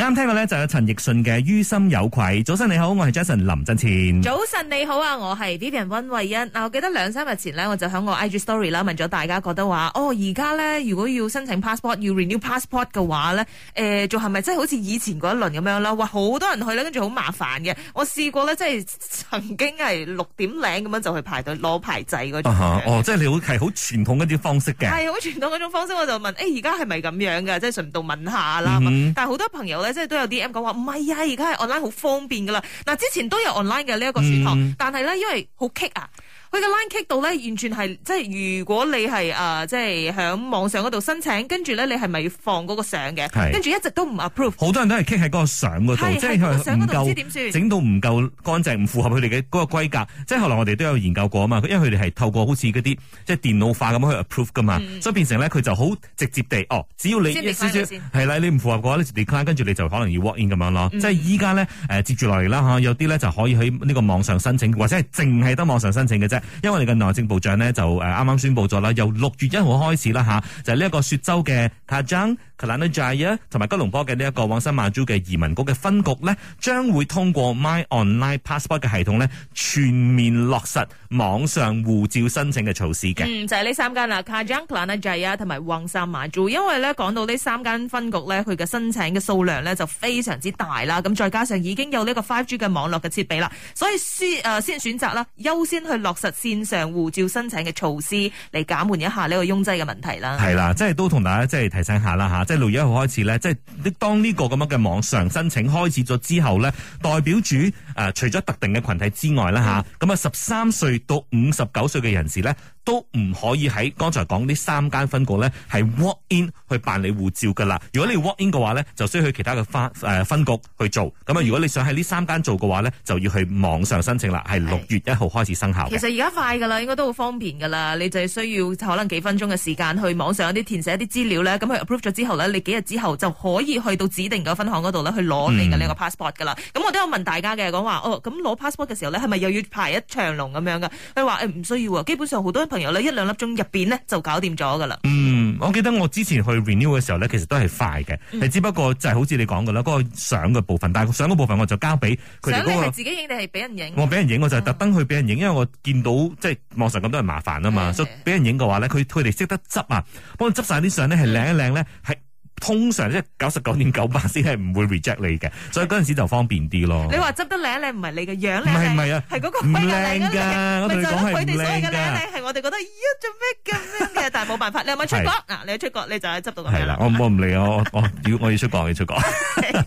啱聽嘅咧就係陳奕迅嘅《於心有愧》。早晨你好，我係 Jason 林振前。早晨你好啊，我係 Vivian 溫慧欣。嗱，我記得兩三日前咧，我就喺我 IG Story 啦問咗大家，覺得話哦，而家咧如果要申請 passport 要 renew passport 嘅話咧，誒、呃，仲係咪即係好似以前嗰一輪咁樣啦？哇好多人去咧，跟住好麻煩嘅。我試過咧，即係曾經係六點零咁樣就去排隊攞牌仔嗰種。Uh huh. 哦，即係你會係好傳統嗰啲方式嘅。係好傳統嗰種方式，我就問誒，而家係咪咁樣嘅？」即係順道問下啦。Mm hmm. 但係好多朋友咧。即係都有啲 M 講話，唔係啊，而家係 online 好方便噶啦。嗱，之前都有 online 嘅呢一、這個選項，嗯、但係咧因為好 kick 啊。佢嘅 line kick 到咧，完全係即係如果你係誒、呃、即係喺網上嗰度申請，跟住咧你係咪要放嗰個相嘅？跟住是一直都唔 approve。好多人都係 kick 喺嗰個，是個相嗰度，即係唔整到唔夠乾淨，唔符合佢哋嘅嗰個規格。即係後來我哋都有研究過啊嘛，因為佢哋係透過好似嗰啲即係電腦化咁樣去 approve 噶嘛，嗯、所以變成咧佢就好直接地哦，只要你少少係啦，你唔符合嘅話，就 decline，跟住你就可能要 walk in 咁樣咯。嗯、即係依家咧誒接住落嚟啦吓有啲咧，就可以喺呢個網上申請或者係淨係得網上申請嘅啫。因為我哋嘅內政部長呢，就啱啱宣布咗啦，由六月一號開始啦嚇，就係呢一個雪州嘅 Kajang、Kelana Jaya 同埋吉隆坡嘅呢一個旺沙馬珠嘅移民局嘅分局呢，將會通過 My Online Passport 嘅系統呢，全面落實網上護照申請嘅措施嘅。嗯，就係、是、呢三間啦 Kajang、Kelana Jaya 同埋旺沙馬珠。因為呢講到呢三間分局呢，佢嘅申請嘅數量呢就非常之大啦。咁再加上已經有呢一個 5G 嘅網絡嘅設備啦，所以先誒、呃、先選擇啦，優先去落實。線上護照申請嘅措施嚟減緩一下呢個擁擠嘅問題啦，係啦，即係都同大家即係提醒下啦吓，即係六月一號開始咧，即係當呢個咁樣嘅網上申請開始咗之後咧，代表住誒、呃、除咗特定嘅群體之外啦吓，咁啊十三歲到五十九歲嘅人士咧，都唔可以喺剛才講呢三間分局咧係 walk in 去辦理護照噶啦。如果你 walk in 嘅話咧，就需要去其他嘅分誒分局去做，咁啊如果你想喺呢三間做嘅話咧，就要去網上申請啦，係六月一號開始生效。而家快噶啦，應該都好方便噶啦。你就係需要可能幾分鐘嘅時間去網上一啲填寫一啲資料咧，咁佢 approve 咗之後咧，你幾日之後就可以去到指定嘅分行嗰度咧去攞你嘅呢個 passport 噶啦。咁我都有問大家嘅，講話哦，咁攞 passport 嘅時候咧，係咪又要排一長龍咁樣噶？佢話唔需要，基本上好多朋友呢，一兩粒鐘入邊咧就搞掂咗噶啦。嗯，我記得我之前去 renew 嘅時候呢，其實都係快嘅，嗯、只不過就係好似你講嘅啦，嗰、嗰個相嘅部分，但係相部分我就交俾佢哋嗰個。相係自己影定係俾人影？我俾人影，我就特登去俾人影，因為我見到。好，即係網上咁多人麻煩啊嘛，嗯、所以俾人影嘅話咧，佢佢哋識得執啊，幫佢執晒啲相咧，係靚一靚咧，係。通常即係九十九點九八先係唔會 reject 你嘅，所以嗰陣時就方便啲咯。你話執得靚靚，唔係你嘅樣靚，唔係唔係啊，係嗰個唔靚㗎，咪就係佢哋所謂嘅靚靚係我哋覺得要，咦做咩咁樣嘅？但係冇辦法，你有冇出國？嗱是、啊，你出國你就係執到咁樣。係啦，我我唔理我我要 我要出國我要出國。 是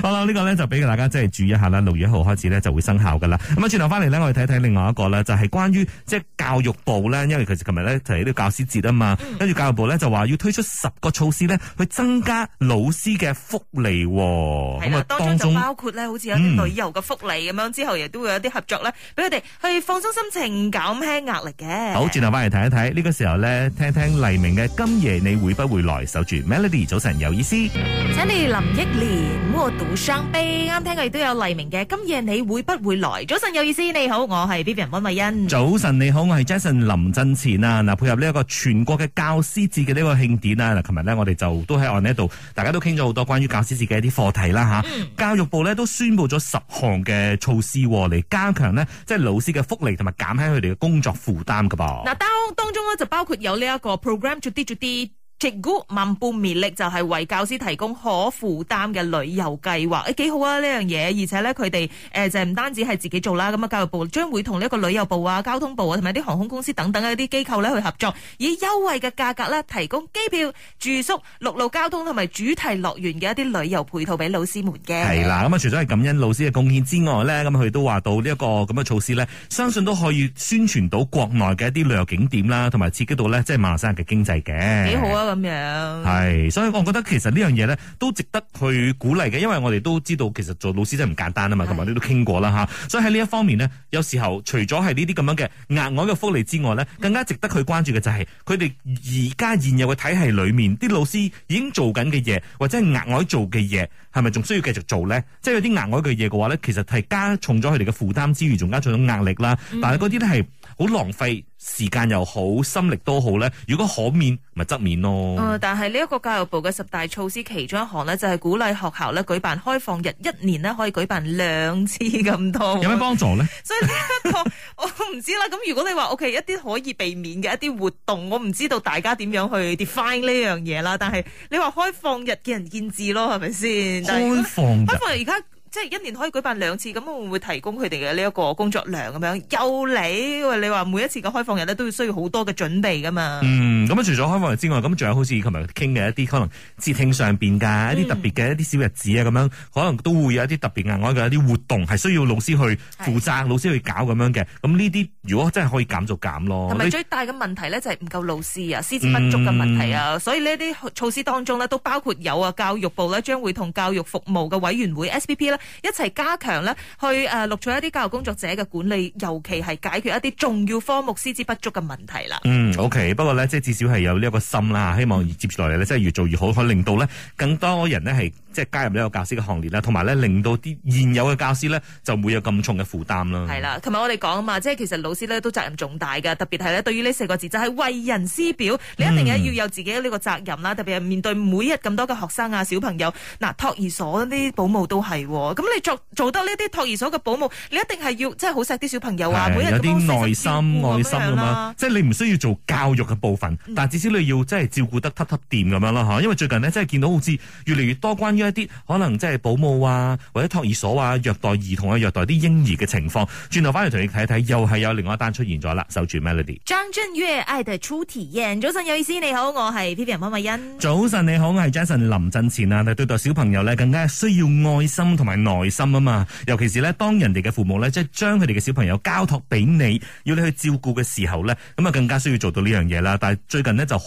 好啦，呢、呢個咧就俾大家即係注意一下啦。六月一號開始咧就會生效㗎啦。咁啊，轉頭翻嚟咧，我哋睇睇另外一個咧，就係、是、關於即係教育部咧，因為其實琴日咧就係呢個教師節啊嘛，嗯、跟住教育部咧就話要推出十個措施咧。去增加老師嘅福利，咁啊當中就包括咧，好似有啲旅遊嘅福利咁樣，之後亦都會有啲合作咧，俾佢哋去放鬆心情、減輕壓力嘅。好，轉頭翻嚟睇一睇呢個時候咧，聽聽黎明嘅《今夜你會不會來》，守住 Melody 早晨有意思。請你林憶蓮，我獨傷悲，啱聽佢亦都有黎明嘅《今夜你會不會來》，早晨有意思。你好，我係 Vivian 溫慧欣。早晨你好，我係 Jason 林振前啊。嗱，配合呢一個全國嘅教師節嘅呢個慶典啊，嗱，琴日咧我哋就。都喺我呢度，大家都傾咗好多關於教師節嘅一啲課題啦嚇。嗯、教育部咧都宣布咗十項嘅措施嚟加強咧，即係老師嘅福利同埋減輕佢哋嘅工作負擔噶噃。嗱，當當中咧就包括有呢一個 program 叫做啲啲。持股萬般勉力就係、是、為教師提供可負擔嘅旅遊計劃，幾好啊呢樣嘢！而且呢，佢哋誒就唔單止係自己做啦，咁啊教育部將會同呢一個旅遊部啊、交通部啊同埋啲航空公司等等一啲機構咧去合作，以優惠嘅價格咧提供機票、住宿、陸路交通同埋主題樂園嘅一啲旅遊配套俾老師們嘅。係啦，咁啊除咗係感恩老師嘅貢獻之外呢，咁佢都話到呢、這、一個咁嘅、這個、措施呢，相信都可以宣傳到國內嘅一啲旅遊景點啦，同埋刺激到呢，即係馬來西亞嘅經濟嘅。幾好啊！咁樣，係，所以我覺得其實呢樣嘢咧都值得去鼓勵嘅，因為我哋都知道其實做老師真係唔簡單啊嘛，同埋你都傾過啦吓，所以喺呢一方面呢，有時候除咗係呢啲咁樣嘅額外嘅福利之外咧，更加值得去關注嘅就係佢哋而家現有嘅體系裏面，啲老師已經做緊嘅嘢或者係額外做嘅嘢，係咪仲需要繼續做咧？即係有啲額外嘅嘢嘅話咧，其實係加重咗佢哋嘅負擔之餘，仲加重咗壓力啦。嗯、但係嗰啲咧係。浪費好浪費時間又好心力都好咧，如果可免咪則免咯。誒、呃，但係呢一個教育部嘅十大措施其中一項咧，就係、是、鼓勵學校咧舉辦開放日，一年咧可以舉辦兩次咁多。有咩幫助咧？ 所以呢一個我唔知啦。咁如果你話 O K 一啲可以避免嘅一啲活動，我唔知道大家點樣去 define 呢樣嘢啦。但係你話開放日見仁見智咯，係咪先？開放日，不過而家。即係一年可以舉辦兩次，咁會唔會提供佢哋嘅呢一個工作量咁樣？又嚟，你話每一次嘅開放日咧，都要需要好多嘅準備噶嘛？嗯，咁啊，除咗開放日之外，咁仲有好似尋日傾嘅一啲可能節慶上邊嘅一啲特別嘅一啲小日子啊，咁樣可能都會有一啲特別嘅我哋一啲活動係需要老師去負責，老師去搞咁樣嘅。咁呢啲如果真係可以減就減咯。同埋最大嘅問題咧就係唔夠老師啊，師資不足嘅問題啊，所以呢啲措施當中咧都包括有啊，教育部咧將會同教育服務嘅委員會 SPP 咧，一齊加強呢去誒錄取一啲教育工作者嘅管理，尤其係解決一啲重要科目師資不足嘅問題啦。嗯，OK，不過呢即係至少係有呢一個心啦。希望接住落嚟、嗯、即係越做越好，可以令到呢更多人呢係即係加入呢個教師嘅行列啦，同埋呢令到啲現有嘅教師呢，就唔會有咁重嘅負擔啦。係啦，同埋我哋講啊嘛，即係其實老師呢都責任重大嘅，特別係呢對於呢四個字就係、是、為人師表，你一定要有自己呢個責任啦。嗯、特別係面對每日咁多嘅學生啊，小朋友，嗱、啊、托兒所啲保姆都係、哦。咁你作做，做得呢啲托兒所嘅保姆，你一定係要即係好錫啲小朋友啊！對有啲耐心愛心㗎嘛，即係你唔需要做教育嘅部分，嗯、但至少你要即係照顧得㗎㗎掂咁樣啦、啊、因為最近呢，真係見到好似越嚟越多關於一啲可能即係保姆啊或者托兒所啊，虐待兒童啊，虐待啲嬰兒嘅情況。轉頭翻嚟同你睇一睇，又係有另外一單出現咗啦。守住 Melody，張震嶽愛的初體驗，早晨有意思，你好，我係 P P R 潘慧欣。早晨你好，我係 Jason 林振前啊。對，對待小朋友呢，更加需要愛心同埋。內心啊嘛，尤其是咧，當人哋嘅父母咧，即係將佢哋嘅小朋友交託俾你，要你去照顧嘅時候咧，咁啊更加需要做到呢樣嘢啦。但係最近呢就好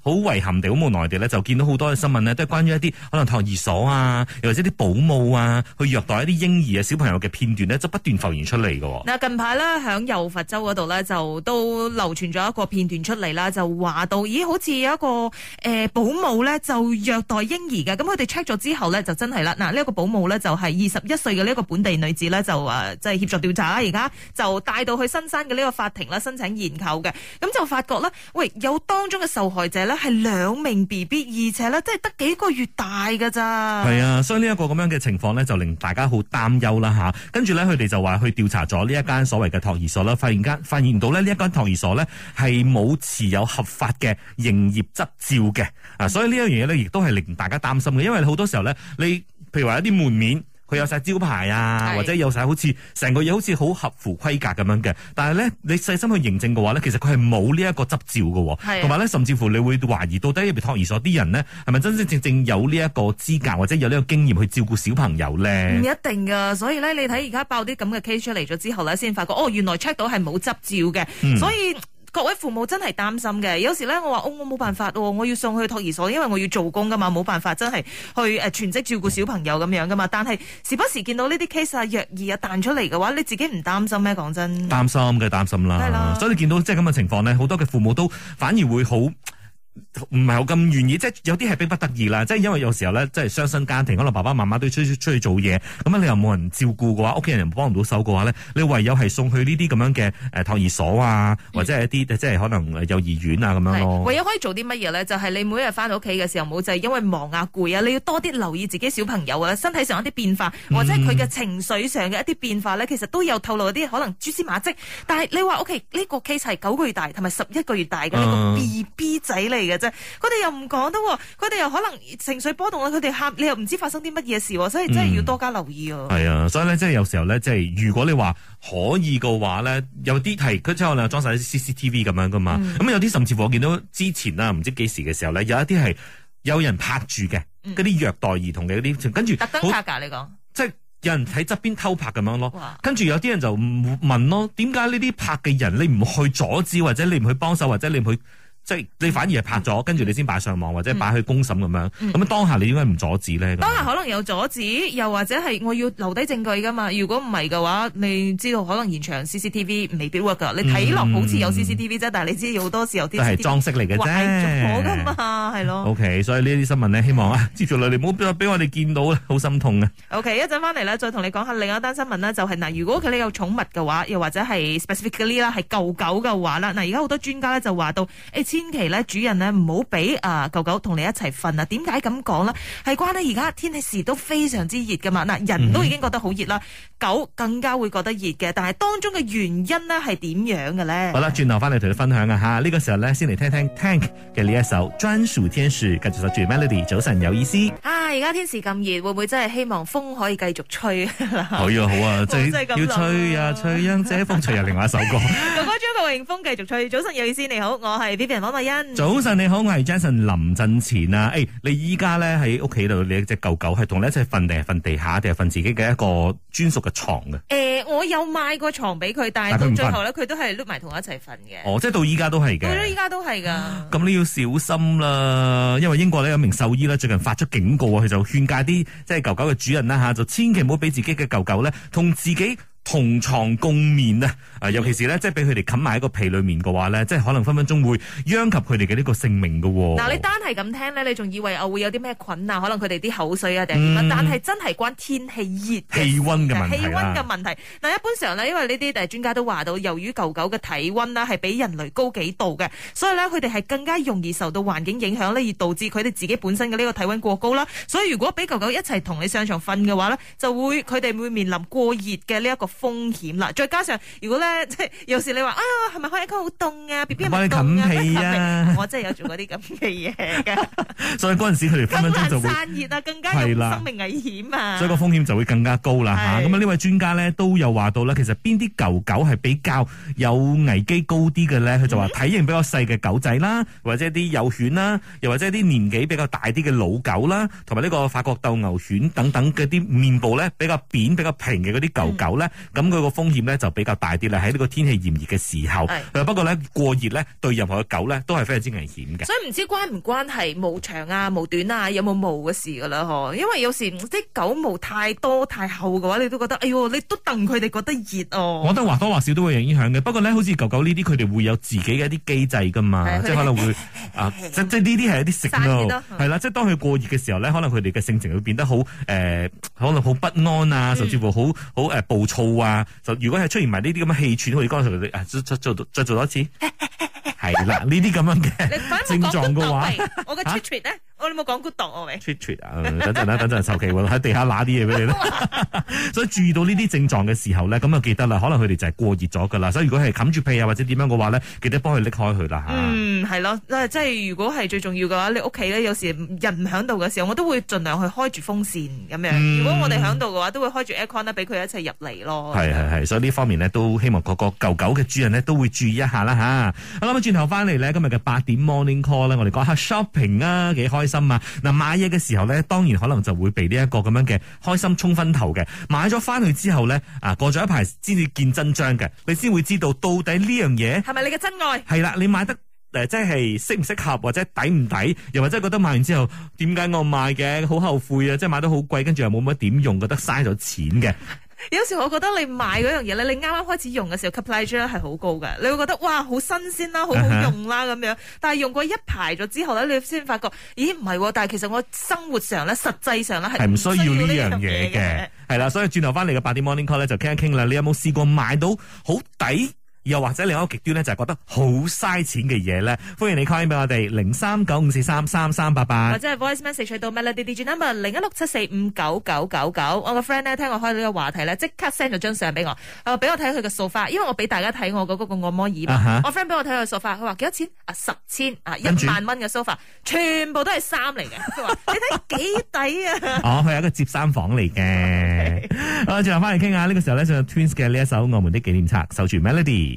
好遺憾地、好冇奈地咧，就見到好多嘅新聞呢都係關於一啲可能托兒所啊，又或者啲保姆啊，去虐待一啲嬰兒嘅小朋友嘅片段呢就不斷浮現出嚟㗎嗱，近排呢，響右佛州嗰度呢，就都流傳咗一個片段出嚟啦，就話到咦，好似有一個誒、呃、保姆呢，就虐待嬰兒嘅，咁佢哋 check 咗之後呢，就真係啦。嗱、啊，這個、呢一個保姆呢就是。係二十一歲嘅呢一個本地女子咧，就誒即係協助調查啦。而家就帶到去新山嘅呢個法庭啦，申請研究嘅。咁就發覺咧，喂，有當中嘅受害者咧係兩名 B B，而且咧即係得幾個月大㗎咋。係啊，所以呢一個咁樣嘅情況咧，就令大家好擔憂啦吓。跟住咧，佢哋就話去調查咗呢一間所謂嘅托兒所啦，發現間發現到咧呢一間托兒所咧係冇持有合法嘅營業執照嘅。啊，所以呢樣嘢咧，亦都係令大家擔心嘅，因為好多時候咧，你譬如話一啲門面。佢有晒招牌啊，是或者有晒好似成個嘢，好似好合乎規格咁樣嘅，但係咧你細心去認證嘅話咧，其實佢係冇呢一個執照嘅。哦，同埋咧甚至乎你會懷疑到底入邊託兒所啲人咧係咪真真正正，正，正有呢一個資格，嗯、或者有呢個經驗去照顧小朋友咧？唔一定㗎，所以咧你睇而家爆啲咁嘅 case 出嚟咗之後咧，先發覺哦原來 check 到係冇執照嘅，嗯，所以。各位父母真係擔心嘅，有時咧我話：哦，我冇辦法喎，我要送去托兒所，因為我要做工噶嘛，冇辦法真係去誒全職照顧小朋友咁樣噶嘛。但係時不時見到呢啲 case 啊，虐兒啊彈出嚟嘅話，你自己唔擔心咩？講真，擔心嘅擔心啦。係啦，所以你見到即係咁嘅情況咧，好多嘅父母都反而會好唔係好咁願意，即係有啲係迫不得已啦。即係因為有時候咧，即係雙薪家庭，可能爸爸媽媽都出去出去做嘢，咁樣你又冇人照顧嘅話，屋企人又幫唔到手嘅話咧，你唯有係送去呢啲咁樣嘅誒托兒所啊，或者係一啲、嗯、即係可能幼兒園啊咁樣咯。唯有可以做啲乜嘢咧？就係、是、你每日翻到屋企嘅時候，冇就係、是、因為忙啊、攰啊，你要多啲留意自己小朋友啊身體上一啲變化，或者佢嘅情緒上嘅一啲變化咧，其實都有透露一啲可能蛛絲馬迹。但係你話屋企呢個 case 係九個月大同埋十一個月大嘅呢、嗯、個 BB 仔咧佢哋又唔講得，佢哋又可能情緒波動佢哋喊，你又唔知發生啲乜嘢事，所以真係要多加留意。係啊、嗯，所以咧，即係有時候咧，即係如果你話可以嘅話咧，有啲係佢之後咧裝晒啲 CCTV 咁樣噶嘛。咁、嗯、有啲甚至乎我見到之前啦，唔知幾時嘅時候咧，有一啲係有人拍住嘅嗰啲虐待兒童嘅嗰啲，跟住特登拍噶。你講即係有人喺側邊偷拍咁、嗯、樣咯，跟住有啲人就問咯，點解呢啲拍嘅人你唔去阻止，或者你唔去幫手，或者你唔去？即係你反而係拍咗，跟住、嗯、你先擺上網、嗯、或者擺去公審咁、嗯、樣。咁啊、嗯，當下你點解唔阻止咧？當下可能有阻止，又或者係我要留低證據噶嘛。如果唔係嘅話，你知道可能現場 CCTV 未必 work 噶。嗯、你睇落好似有 CCTV 啫，但係你知好多時候 CCTV 都係裝飾嚟嘅啫，畫錯㗎嘛，係咯。OK，所以呢啲新聞咧，希望啊，接住落嚟，唔好再俾我哋見到好心痛啊。OK，說說一陣翻嚟咧，再同你講下另一單新聞啦、就係。就係嗱，如果佢你有寵物嘅話，又或者係 specifically 啦，係狗狗嘅話啦，嗱，而家好多專家咧就話到、欸千祈咧，主人咧唔好俾啊狗狗同你一齊瞓啊！點解咁講咧？係關咧而家天氣時都非常之熱噶嘛。嗱，人都已經覺得好熱啦，狗更加會覺得熱嘅。但係當中嘅原因呢係點樣嘅咧？好啦，轉頭翻嚟同你分享下！呢、這個時候呢，先嚟聽聽 Tank 嘅呢一首《專屬天使》，繼續守住 Melody 早晨有意思。啊，而家天時咁熱，會唔會真係希望風可以繼續吹 好，呀好呀啊，好啊，要吹啊，吹呀、啊啊，遮風，吹入、啊、另外一首歌。哥哥張國榮風繼續吹，早晨有意思，你好，我係 Vivian 馬欣，早晨你好，我係 Jason 林振前啊！誒、哎，你依家咧喺屋企度，你隻狗狗係同你一齊瞓定係瞓地下定係瞓自己嘅一個專屬嘅床嘅？誒、欸，我有買過床俾佢，但係到最後咧，佢都係碌埋同我一齊瞓嘅。哦，即係到依家都係嘅。到依家都係噶。咁、啊、你要小心啦，因為英國咧有一名獸醫咧最近發出警告，啊，佢就勸誡啲即係狗狗嘅主人啦吓、啊，就千祈唔好俾自己嘅狗狗咧同自己。同床共眠咧，啊、呃，尤其是咧，即係俾佢哋冚埋喺個被裏面嘅話咧，即係可能分分鐘會殃及佢哋嘅呢個性命嘅、哦。嗱，你單係咁聽咧，你仲以為我會有啲咩菌啊？可能佢哋啲口水啊定、嗯、但係真係關天氣熱、氣溫嘅問題。氣溫嘅問題，嗱，一般上呢，因為呢啲專家都話到，由於狗狗嘅體溫啦係比人類高幾度嘅，所以呢，佢哋係更加容易受到環境影響呢，而導致佢哋自己本身嘅呢個體溫過高啦。所以如果俾狗狗一齊同你上床瞓嘅話呢，就會佢哋會面臨過熱嘅呢一個。風險啦，再加上如果咧，即、就、係、是、有時你話、哎、啊，係咪開個好凍啊？B B 唔夠啊！屁啊 我真係有做嗰啲咁嘅嘢嘅， 所以嗰時時佢哋分分鐘就會散熱啊，更加生命危險啊，所以個風險就會更加高啦嚇。咁是啊，呢位專家咧都有話到咧，其實邊啲狗狗係比較有危機高啲嘅咧？佢、嗯、就話體型比較細嘅狗仔啦，或者啲幼犬啦，又或者啲年紀比較大啲嘅老狗啦，同埋呢個法國鬥牛犬等等嘅啲面部咧比較扁、比較平嘅嗰啲狗狗咧、嗯。咁佢個風險咧就比較大啲咧，喺呢個天氣炎熱嘅時候。誒是，不過咧過熱咧對任何嘅狗咧都係非常之危險嘅。所以唔知關唔關係毛長啊、毛短啊，有冇毛嘅事噶啦？因為有時即係狗毛太多太厚嘅話，你都覺得，哎喲你都戥佢哋覺得熱哦、啊。我覺得或多或少都會有影響嘅。不過咧，好似狗狗呢啲，佢哋會有自己嘅一啲機制噶嘛，啊、即係可能會 啊，即即呢啲係一啲食咯，係啦、啊啊。即當佢過熱嘅時候咧，可能佢哋嘅性情會變得好誒、呃，可能好不安啊，嗯、甚至乎好好誒暴躁。話就如果係出現埋呢啲咁嘅氣喘，我哋剛才你啊做做再做多一次，係啦，呢啲咁樣嘅症狀嘅話，我嘅 treat 咧。啊我哋冇講骨毒，係咪？出出啊！等陣啦，等陣，求其喺地下拿啲嘢俾你啦。 所以注意到呢啲症狀嘅時候咧，咁就記得啦。可能佢哋就係過熱咗㗎啦。所以如果係冚住被啊或者點樣嘅話咧，記得幫佢拎開佢啦嚇。啊、嗯，係咯，即係如果係最重要嘅話，你屋企咧有時人唔響度嘅時候，我都會盡量去開住風扇咁樣。嗯、如果我哋響度嘅話，都會開住 aircon 啦，俾佢一齊入嚟咯。係係係，所以呢方面呢，都希望各個舊狗狗嘅主人呢，都會注意一下啦嚇。咁啊轉頭翻嚟咧，今日嘅八點 morning call 咧，我哋講下 shopping 啊，幾開心。心嘛嗱，買嘢嘅時候咧，當然可能就會被呢一個咁樣嘅開心沖昏頭嘅。買咗翻去之後咧，啊過咗一排先至見真章嘅，你先會知道到底呢樣嘢係咪你嘅真愛？係啦，你買得誒、呃，即係適唔適合或者抵唔抵，又或者覺得買完之後點解我買嘅好後悔啊？即係買得好貴，跟住又冇乜點用，覺得嘥咗錢嘅。有時我覺得你買嗰樣嘢咧，你啱啱開始用嘅時候，capacitance 係好高嘅，你會覺得哇好新鮮啦，好好用啦咁、uh huh. 樣。但係用過一排咗之後咧，你先發覺，咦唔係喎。但係其實我生活上咧，實際上咧係唔需要呢樣嘢嘅，係啦。所以轉頭翻嚟嘅八點 morning call 咧就傾一傾啦。你有冇試過買到好抵？又或者另一個極端咧，就係覺得好嘥錢嘅嘢咧。歡迎你 call 俾我哋零三九五四三三三八八，或者係 voice message 去到 melody DJ number 零一六七四五九九九九。我個 friend 咧聽我開呢個話題咧，即刻 send 咗張相俾我，俾我睇佢嘅 sofa。因為我俾大家睇我嗰個按摩椅、uh huh. 我 friend 俾我睇佢嘅 sofa，佢話幾多錢？啊十千啊一萬蚊嘅 sofa，全部都係衫嚟嘅。佢話 你睇幾抵啊？哦，佢係一個接衫房嚟嘅。我仲有翻嚟傾下呢、呢個時候咧，唱 Twins 嘅呢一首《我們的紀念冊》，守住 Melody。